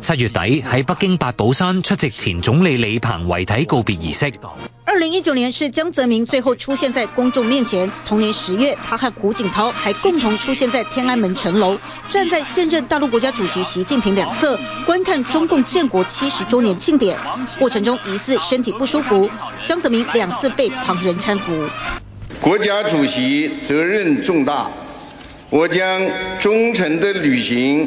七月底喺北京八寶山出席前總理李鵬遺體告別儀式。二零一九年是江澤民最後出現在公眾面前。同年十月，他和胡錦濤還共同出現在天安門城樓，站在現任大陸國家主席習近平兩側，觀看中共建國七十週年慶典。過程中疑似身體不舒服，江澤民兩次被旁人攙扶。國家主席責任重大，我將忠誠地履行